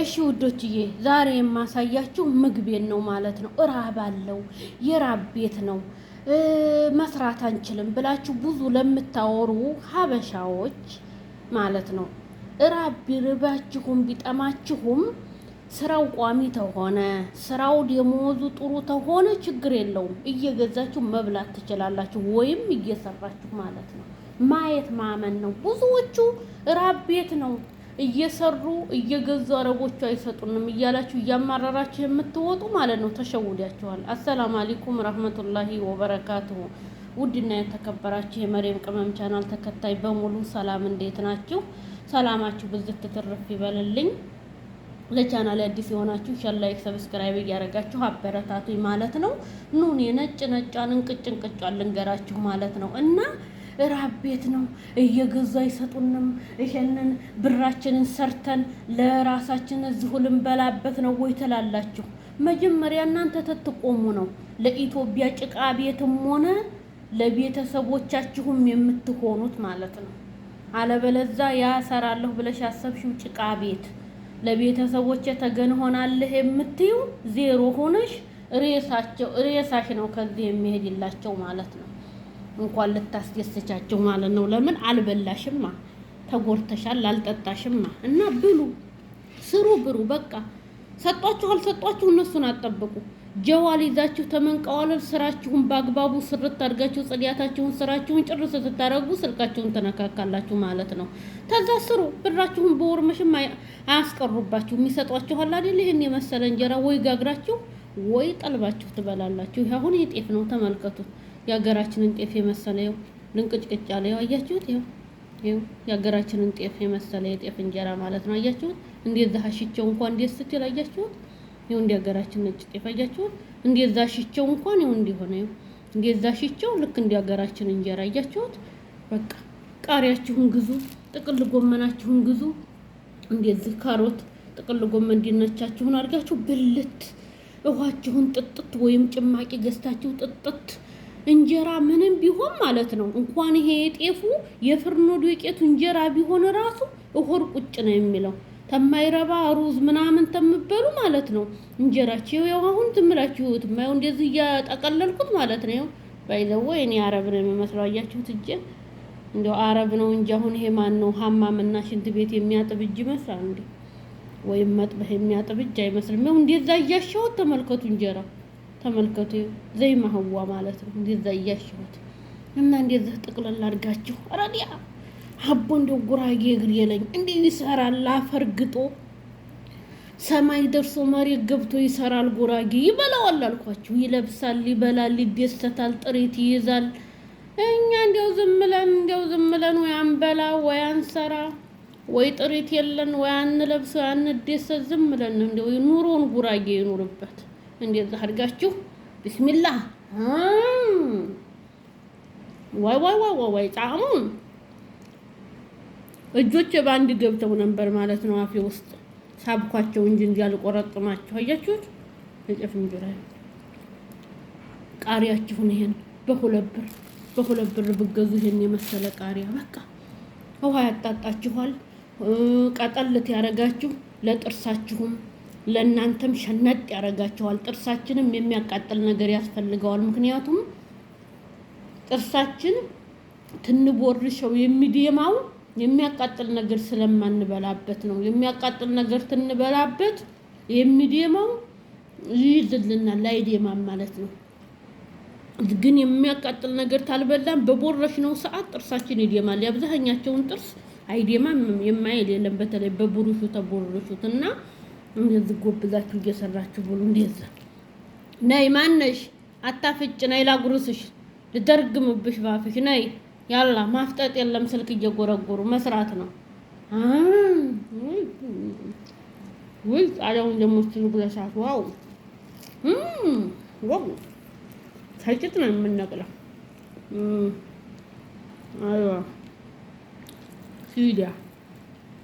እሺ ውዶችዬ ዛሬ የማሳያችሁ ምግቤን ነው ማለት ነው። እራብ አለው የራብ ቤት ነው መስራት አንችልም ብላችሁ ብዙ ለምታወሩ ሀበሻዎች ማለት ነው እራብ ቢርባችሁም ቢጠማችሁም ስራው ቋሚ ተሆነ ስራው ደሞዙ ጥሩ ተሆነ ችግር የለውም። እየገዛችሁ መብላት ትችላላችሁ፣ ወይም እየሰራችሁ ማለት ነው። ማየት ማመን ነው። ብዙዎቹ እራብ ቤት ነው እየሰሩ እየገዙ አረቦቹ አይሰጡንም እያላችሁ እያማረራችሁ የምትወጡ ማለት ነው፣ ተሸውዳችኋል። አሰላሙ አለይኩም ረህመቱላሂ ወበረካቱሁ። ውድና የተከበራችሁ የመሬም ቅመም ቻናል ተከታይ በሙሉ ሰላም፣ እንዴት ናችሁ? ሰላማችሁ ብዝት ትትርፍ ይበልልኝ። ለቻናል አዲስ የሆናችሁ ሸር፣ ላይክ፣ ሰብስክራይብ እያደረጋችሁ አበረታቱኝ ማለት ነው። ኑን ነጭ ነጫን እንቅጭ እንቅጫን ልንገራችሁ ማለት ነው እና ራብ ቤት ነው እየገዙ አይሰጡንም። ይሄንን ብራችንን ሰርተን ለራሳችን እዚሁ ልንበላበት ነው ወይ ትላላችሁ? መጀመሪያ እናንተ ተትቆሙ ነው ለኢትዮጵያ ጭቃ ቤትም ሆነ ለቤተሰቦቻችሁም የምትሆኑት ማለት ነው። አለበለዛ ያ ሰራለሁ ብለሽ ያሰብሽው ጭቃ ቤት ለቤተሰቦች ተገን ሆናለህ የምትዩ ዜሮ ሆነሽ ሬሳቸው ሬሳሽ ነው ከዚህ የሚሄድላቸው ማለት ነው። እንኳን ልታስደስቻቸው ማለት ነው። ለምን አልበላሽማ፣ ተጎርተሻል፣ አልጠጣሽማ። እና ብሉ፣ ስሩ፣ ብሩ። በቃ ሰጧችሁ አልሰጧችሁ እነሱን አጠብቁ። ጀዋል ይዛችሁ ተመንቀዋለል። ስራችሁን በአግባቡ ስርት አድርጋችሁ ጽዳታችሁን፣ ስራችሁን ጭር ስትታረጉ ስልካችሁን ትነካካላችሁ ማለት ነው። ተዛ ስሩ። ብራችሁን በወር መሽም አያስቀሩባችሁ። የሚሰጧችኋል አይደል? ይህን የመሰለ እንጀራ ወይ ጋግራችሁ ወይ ጠልባችሁ ትበላላችሁ። ይህ አሁን የጤፍ ነው፣ ተመልከቱት። የሀገራችንን ጤፍ የመሰለ ይኸው ልንቅጭቅጭ ያለ ይኸው አያችሁት። ይኸው ይኸው የሀገራችንን ጤፍ የመሰለ የጤፍ እንጀራ ማለት ነው። አያችሁት እንዴት ዛ እንኳን እንዴት ስትል አያችሁት። ይኸው እንደ ሀገራችን ነጭ ጤፍ አያችሁት እንዴት ዛሽቸው እንኳን ይኸው እንዲሆነ ይኸው እንዴት ዛሽቸው ልክ እንደ ሀገራችን እንጀራ አያችሁት። በቃ ቃሪያችሁን ግዙ፣ ጥቅል ጎመናችሁን ግዙ፣ እንደዚህ ካሮት ጥቅል ጎመን እንዲነቻችሁን አድርጋችሁ ብልት ውሃችሁን ጥጥት ወይም ጭማቂ ገዝታችሁ ጥጥት እንጀራ ምንም ቢሆን ማለት ነው እንኳን ይሄ የጤፉ የፍርኖ ዱቄቱ እንጀራ ቢሆን ራሱ እሆር ቁጭ ነው የሚለው ተማይረባ ሩዝ ምናምን ተምበሉ ማለት ነው። እንጀራቸው ያው አሁን ትምላችሁት ማየው እንደዚህ እያጠቀለልኩት ማለት ነው። ባይዘው እኔ አረብ ነው የሚመስለው። አያችሁት እጄ እንደ አረብ ነው እንጂ አሁን ይሄ ማን ነው ሀማምና ሽንት ቤት የሚያጥብ እጅ ይመስላል እንዴ? ወይም መጥበህ የሚያጥብ እጅ አይመስልም። ነው እንደዛ እያሻሁት ተመልከቱ እንጀራ ተመልከቱ። ዘይ ማህዋ ማለት ነው። እንደዛ እያሸሁት እና እንደዚህ ጥቅልል አድርጋችሁ ረዲያ አቦ እንደው ጉራጌ እግር የለኝ እንዴ ይሰራል። አፈርግጦ ሰማይ ደርሶ መሬት ገብቶ ይሰራል። ጉራጌ ይበላዋል አልኳችሁ። ይለብሳል፣ ይበላል፣ ይደሰታል፣ ጥሪት ይይዛል። እኛ እንዲያው ዝም ብለን እንዲያው ዝም ብለን ወይ አንበላ ወይ አንሰራ ወይ ጥሪት የለን ወይ አንለብስ ወይ አንደሰት ዝም ብለን እንዲያው ጉራጌ ይኑርበት። እንዴት አድርጋችሁ ቢስሚላህ ዋይ ዋይ ዋይ ዋይ ዋይ ጣዕሙ እጆቼ በአንድ ገብተው ነበር ማለት ነው። አፌ ውስጥ ሳብኳቸው እንጂ ያልቆረጥማቸው አያችሁት። የጤፍ እንጀራ ቃሪያችሁን ይሄን በሁለት ብር በሁለት ብር ብገዙ ይሄን የመሰለ ቃሪያ በቃ ውሃ ያጣጣችኋል። ቀጠልት ያደረጋችሁ ለጥርሳችሁም ለእናንተም ሸነጥ ያደርጋቸዋል። ጥርሳችንም የሚያቃጥል ነገር ያስፈልገዋል። ምክንያቱም ጥርሳችን ትንቦርሸው የሚዴማው የሚያቃጥል ነገር ስለማንበላበት ነው። የሚያቃጥል ነገር ትንበላበት የሚዴማው ይይዝልናል፣ አይደማም ማለት ነው። ግን የሚያቃጥል ነገር ታልበላም በቦረሽ ነው ሰዓት ጥርሳችን ይዴማል። የአብዛኛቸውን ጥርስ አይዴማም የማይል የለም። በተለይ በቡሩሹ ተቦረሹት እና እንደዚህ ጎብዛችሁ እየሰራችሁ ብሉ። እንደዛ ነይ ማነሽ አታፍጭ፣ ነይ ላጉርስሽ፣ ልደርግምብሽ ባፍሽ ነይ። ያላ ማፍጠጥ የለም ስልክ እየጎረጎሩ መስራት ነው። ውይ ጣሪያውን ደግሞ ስትሉ ብለሻት፣ ዋው ዋው ሳይጭት ነው የምንነቅለው። አይዋ ሲዲያ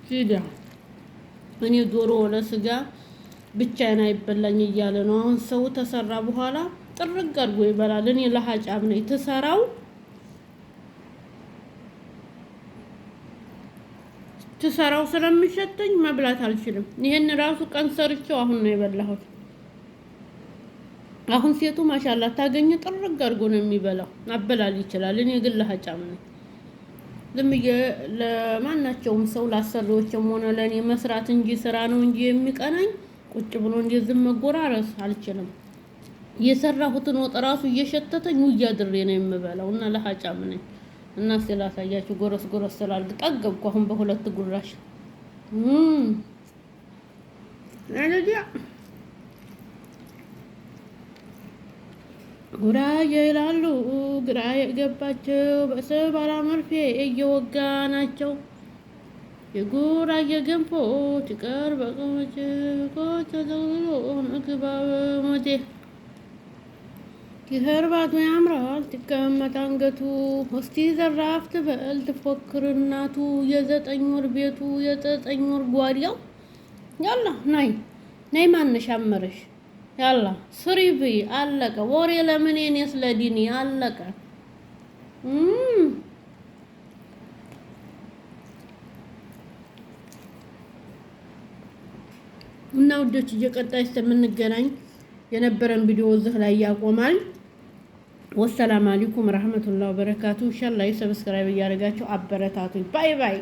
ሲዲያ እኔ ዶሮ ለስጋ ብቻዬን አይበላኝ እያለ ነው። አሁን ሰው ተሰራ በኋላ ጥርግ አድርጎ ይበላል። እኔ ለሀጫም ነኝ ትሰራው ትሰራው ስለሚሸተኝ መብላት አልችልም። ይሄን ራሱ ቀን ሰርቼው አሁን ነው የበላሁት። አሁን ሴቱ ማሻላ ታገኘ ጥርግ አድርጎ ነው የሚበላው። አበላል ይችላል። እኔ ግን ለሀጫም ነው። ዝም ብዬ ለማናቸውም ሰው ላሰሪዎችም ሆነ ለእኔ መስራት እንጂ ስራ ነው እንጂ የሚቀናኝ ቁጭ ብሎ እንደ ዝም መጎራረስ አልችልም። የሰራሁትን ወጥ ራሱ እየሸተተኝ ውያድሬ ነው የምበላው እና ለሀጫም ነኝ እና ስላሳያችሁ ጎረስ ጎረስ ስላልግ ጠገብኩ። አሁን በሁለት ጉራሽ ጉራጌ ይላሉ ግራ የገባቸው በሰባራ መርፌ እየወጋ ናቸው። የጉራጌ ገንፎ ቲቀር በቅመጭ ቆተዘሎ ምግባብ ሞቴ የህርባቱ ያምራል ትቀመጥ አንገቱ እስቲ ዘራፍ ትበል ትፎክር እናቱ የዘጠኝ ወር ቤቱ የዘጠኝ ወር ጓሪያው ያላ ናይ ናይ ማነሽ አመረሽ ያላ ስሪ አለቀ። ወሬ ለምን እኔ ስለ ዲኒ አለቀ። እና ውዶች እየቀጣይ እስከምንገናኝ የነበረን ቪዲዮ እዚህ ላይ ያቆማል። ወሰላም አለይኩም ረህመቱላሂ ወበረካቱ። ሸር ሰብስክራይብ እያደረጋችሁ አበረታቱኝ። ባይ ባይ